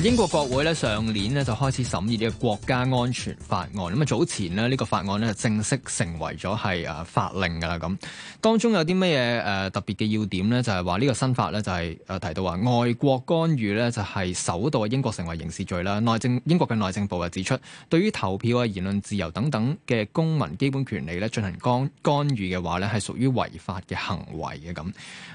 英國國會咧，上年咧，就開始審議呢個國家安全法案，咁啊，早前呢呢個法案咧，正式成為咗係誒法令噶啦，咁，當中有啲乜嘢誒特別嘅要點咧，就係話呢個新法咧，就係誒提到話外國干預咧，就係首度英國成為刑事罪啦。內政英國嘅內政部又指出，對於投票啊、言論自由等等嘅公民基本權利咧，進行干干預嘅話咧，係屬於違法嘅行為嘅咁。誒、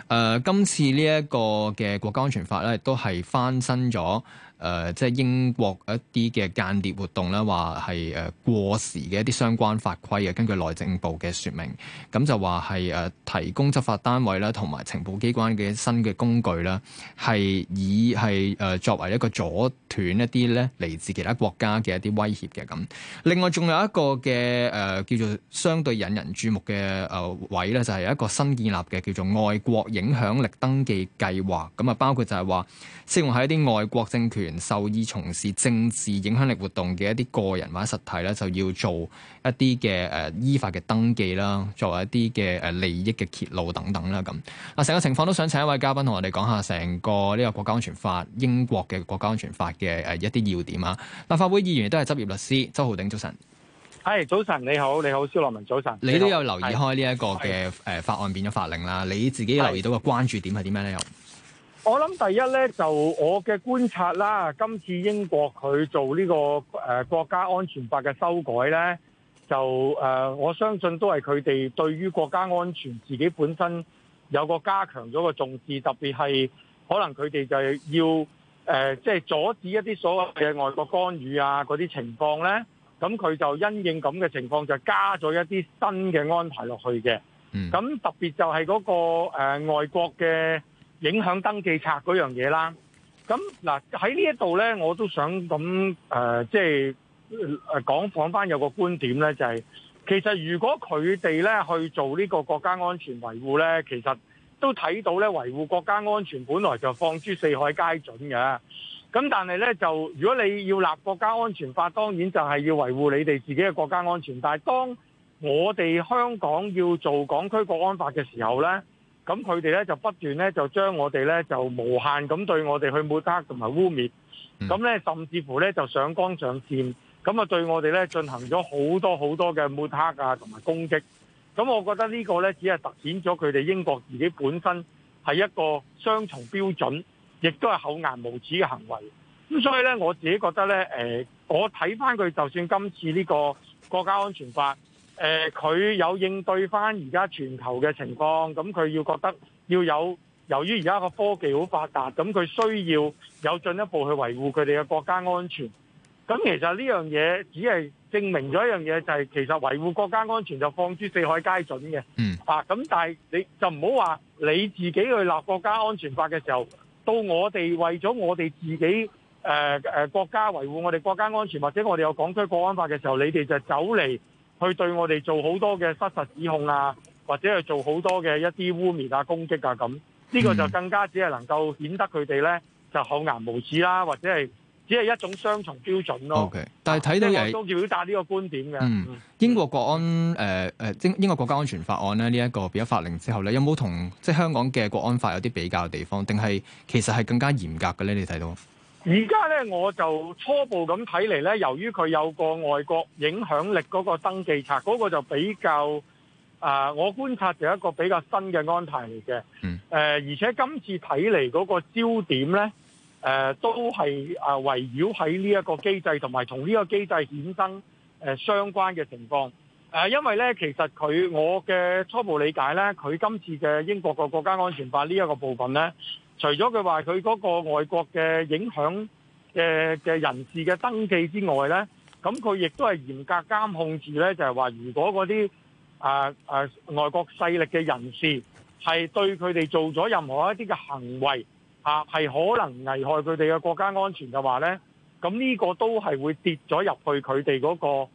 呃，今次呢一個嘅國家安全法咧，都係翻新咗。誒、呃，即係英國一啲嘅間諜活動咧，話係誒過時嘅一啲相關法規啊。根據內政部嘅説明，咁就話係誒提供執法單位啦，同埋情報機關嘅新嘅工具啦，係以係誒、呃、作為一個阻斷一啲咧嚟自其他國家嘅一啲威脅嘅咁。另外仲有一個嘅誒、呃、叫做相對引人注目嘅誒、呃、位咧，就係、是、一個新建立嘅叫做外國影響力登記計劃。咁啊，包括就係話適用喺一啲外國政權。受依從事政治影響力活動嘅一啲個人或者實體咧，就要做一啲嘅誒依法嘅登記啦，作為一啲嘅誒利益嘅揭露等等啦咁。嗱，成個情況都想請一位嘉賓同我哋講下成個呢個國家安全法，英國嘅國家安全法嘅誒、呃、一啲要點啊。立法會議員都係執業律師，周浩鼎，早晨。係，早晨，你好，你好，肖樂文，早晨。你都有留意開呢一個嘅誒法案變咗法令啦，的你自己留意到個關注點係點樣咧？又？我諗第一呢，就我嘅觀察啦。今次英國佢做呢、這個誒、呃、國家安全法嘅修改呢，就誒、呃、我相信都係佢哋對於國家安全自己本身有個加強咗個重視，特別係可能佢哋就要誒即係阻止一啲所謂嘅外國干預啊嗰啲情況呢。咁佢就因應咁嘅情況，就加咗一啲新嘅安排落去嘅。咁特別就係嗰、那個、呃、外國嘅，影響登記冊嗰樣嘢啦，咁嗱喺呢一度呢，我都想咁誒，即係誒講返翻有個觀點呢，就係、是、其實如果佢哋呢去做呢個國家安全維護呢，其實都睇到呢維護國家安全本來就放諸四海皆準嘅，咁但係呢，就如果你要立國家安全法，當然就係要維護你哋自己嘅國家安全，但係當我哋香港要做港區國安法嘅時候呢。咁佢哋咧就不斷咧就將我哋咧就無限咁對我哋去抹黑同埋污蔑，咁咧、嗯、甚至乎咧就上綱上線咁啊對我哋咧進行咗好多好多嘅抹黑啊同埋攻擊，咁我覺得呢個咧只係突顯咗佢哋英國自己本身係一個雙重標準，亦都係厚顏無恥嘅行為。咁所以咧我自己覺得咧我睇翻佢就算今次呢個國家安全法。誒佢、呃、有應對翻而家全球嘅情況，咁佢要覺得要有，由於而家個科技好發達，咁佢需要有進一步去維護佢哋嘅國家安全。咁其實呢樣嘢只係證明咗一樣嘢，就是，就係其實維護國家安全就放諸四海皆準嘅。嗯。啊，咁但係你就唔好話你自己去立國家安全法嘅時候，到我哋為咗我哋自己誒誒、呃呃、國家維護我哋國家安全，或者我哋有港區國安法嘅時候，你哋就走嚟。去對我哋做好多嘅失實指控啊，或者去做好多嘅一啲污蔑啊、攻擊啊咁，呢、這個就更加只係能夠顯得佢哋咧就厚顏無恥啦，或者係只係一種雙重標準咯、啊。OK，但係睇到我都要表達呢個觀點嘅。嗯，嗯英國國安英、呃、英國國家安全法案咧呢一、這個變咗、這個、法令之後咧，有冇同即係香港嘅國安法有啲比較嘅地方，定係其實係更加嚴格嘅咧？你睇到？而家咧，我就初步咁睇嚟咧，由於佢有個外國影響力嗰個登記冊，嗰、嗰個就比較啊、呃，我觀察就一個比較新嘅安排嚟嘅、呃。而且今次睇嚟嗰個焦點咧，誒、呃、都係啊圍繞喺呢一個機制，同埋同呢個機制衍生相關嘅情況。誒、呃，因為咧，其實佢我嘅初步理解咧，佢今次嘅英國嘅國家安全法呢一個部分咧。除咗佢話佢嗰個外國嘅影響嘅嘅人士嘅登記之外呢，咁佢亦都係嚴格監控住呢，就係話如果嗰啲啊啊外國勢力嘅人士係對佢哋做咗任何一啲嘅行為啊，係可能危害佢哋嘅國家安全嘅話呢，咁呢個都係會跌咗入去佢哋嗰個誒、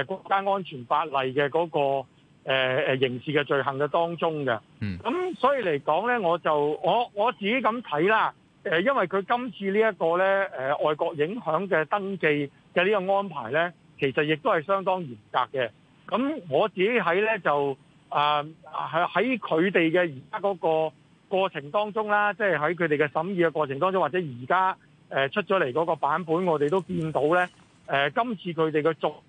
啊、國家安全法例嘅嗰個。誒誒、呃、刑事嘅罪行嘅當中嘅，咁、嗯、所以嚟講咧，我就我我自己咁睇啦、呃，因為佢今次呢一個咧，外國影響嘅登記嘅呢個安排咧，其實亦都係相當嚴格嘅。咁我自己喺咧就啊，喺佢哋嘅而家嗰個過程當中啦，即係喺佢哋嘅審議嘅過程當中，或者而家、呃、出咗嚟嗰個版本，我哋都見到咧，誒、呃，今次佢哋嘅作。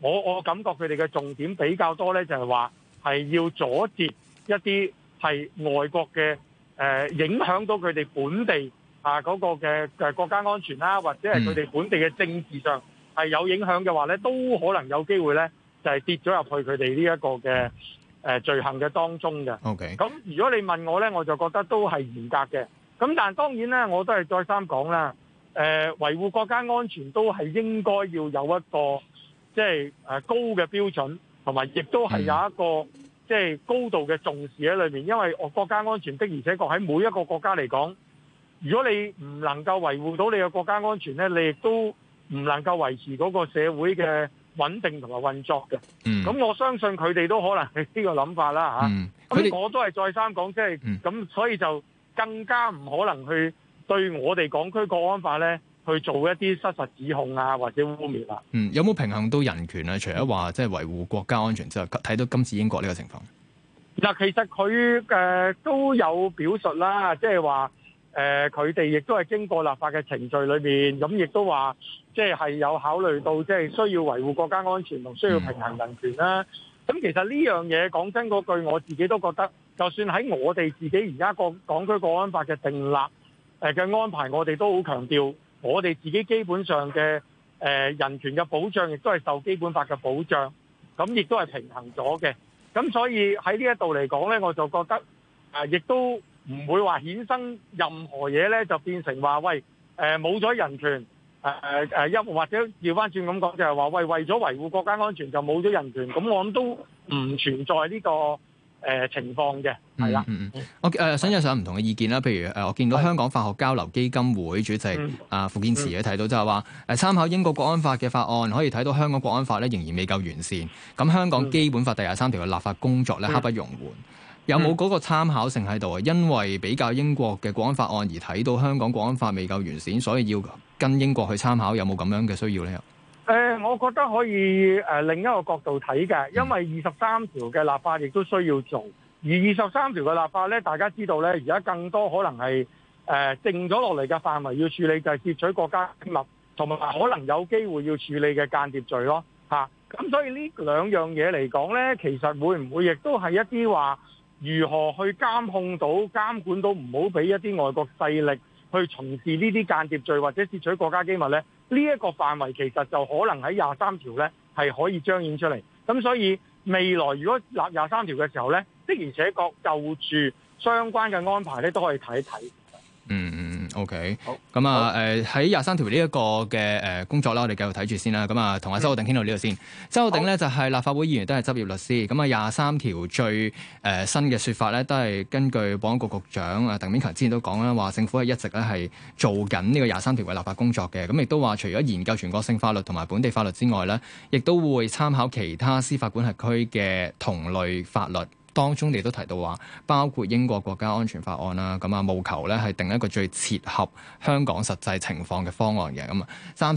我我感覺佢哋嘅重點比較多呢，就係話係要阻截一啲係外國嘅誒、呃、影響到佢哋本地啊嗰個嘅嘅國家安全啦，或者係佢哋本地嘅政治上係有影響嘅話呢、mm. 都可能有機會呢，就係跌咗入去佢哋呢一個嘅誒、呃、罪行嘅當中嘅。O K. 咁如果你問我呢，我就覺得都係嚴格嘅。咁但係當然呢，我都係再三講啦，誒、呃、維護國家安全都係應該要有一個。即係高嘅標準，同埋亦都係有一個即係高度嘅重視喺裏面，因為我國家安全的，而且確喺每一個國家嚟講，如果你唔能夠維護到你嘅國家安全咧，你亦都唔能夠維持嗰個社會嘅穩定同埋運作嘅。咁、嗯、我相信佢哋都可能係呢個諗法啦嚇。咁、嗯、我都係再三講，即係咁，所以就更加唔可能去對我哋港區國安法咧。去做一啲失實指控啊，或者污衊啦、啊。嗯，有冇平衡到人權咧、啊？除咗話即係維護國家安全之外，睇到今次英國呢個情況嗱，其實佢誒、呃、都有表述啦，即係話誒佢哋亦都係經過立法嘅程序裏邊，咁亦都話即係係有考慮到即係需要維護國家安全，同需要平衡人權啦。咁、嗯、其實呢樣嘢講真嗰句，我自己都覺得，就算喺我哋自己而家個港區國安法嘅定立誒嘅、呃、安排，我哋都好強調。我哋自己基本上嘅誒人權嘅保，保障，亦都係受基本法嘅保障，咁亦都係平衡咗嘅。咁所以喺呢一度嚟講咧，我就覺得誒，亦都唔會話衍生任何嘢咧，就變成話喂冇咗、呃、人權，誒、呃、一或者調翻轉咁講就係話喂，為咗維護國家安全就冇咗人權，咁我諗都唔存在呢、這個。誒、呃、情況嘅，係啦、嗯嗯。我、呃、想有想唔同嘅意見啦。譬如、呃、我見到香港法學交流基金會主席的啊，傅健慈佢提到就係話，誒參考英國國安法嘅法案，可以睇到香港國安法咧仍然未夠完善。咁香港基本法第廿三條嘅立法工作咧刻不容緩。的有冇嗰個參考性喺度啊？因為比較英國嘅國安法案而睇到香港國安法未夠完善，所以要跟英國去參考，有冇咁樣嘅需要咧？誒、呃，我覺得可以誒、呃、另一個角度睇嘅，因為二十三條嘅立法亦都需要做，而二十三條嘅立法呢，大家知道呢，而家更多可能係誒定咗落嚟嘅範圍要處理，就係截取國家秘密，同埋可能有機會要處理嘅間諜罪咯，咁、啊、所以呢兩樣嘢嚟講呢，其實會唔會亦都係一啲話，如何去監控到、監管到，唔好俾一啲外國勢力？去從事呢啲間諜罪或者竊取國家機密呢，呢一個範圍其實就可能喺廿三條呢係可以彰顯出嚟。咁所以未來如果立廿三條嘅時候呢，的而且確就住相關嘅安排呢，都可以睇一睇。嗯。O.K. 好，咁啊那，誒喺廿三條呢一個嘅誒、呃、工作啦，我哋繼續睇住先啦。咁、呃、啊，同阿周浩鼎傾到呢度先。嗯、周浩鼎咧好就係立法會議員，都係執業律師。咁啊，廿三條最誒、呃、新嘅說法咧，都係根據保安局局長啊鄧炳強之前都講啦，話政府係一直咧係做緊呢個廿三條嘅立法工作嘅。咁亦都話，除咗研究全國性法律同埋本地法律之外咧，亦都會參考其他司法管轄區嘅同類法律。當中你都提到話，包括英國國家安全法案啦，咁啊，務求呢係定一個最切合香港實際情況嘅方案嘅，咁啊，三。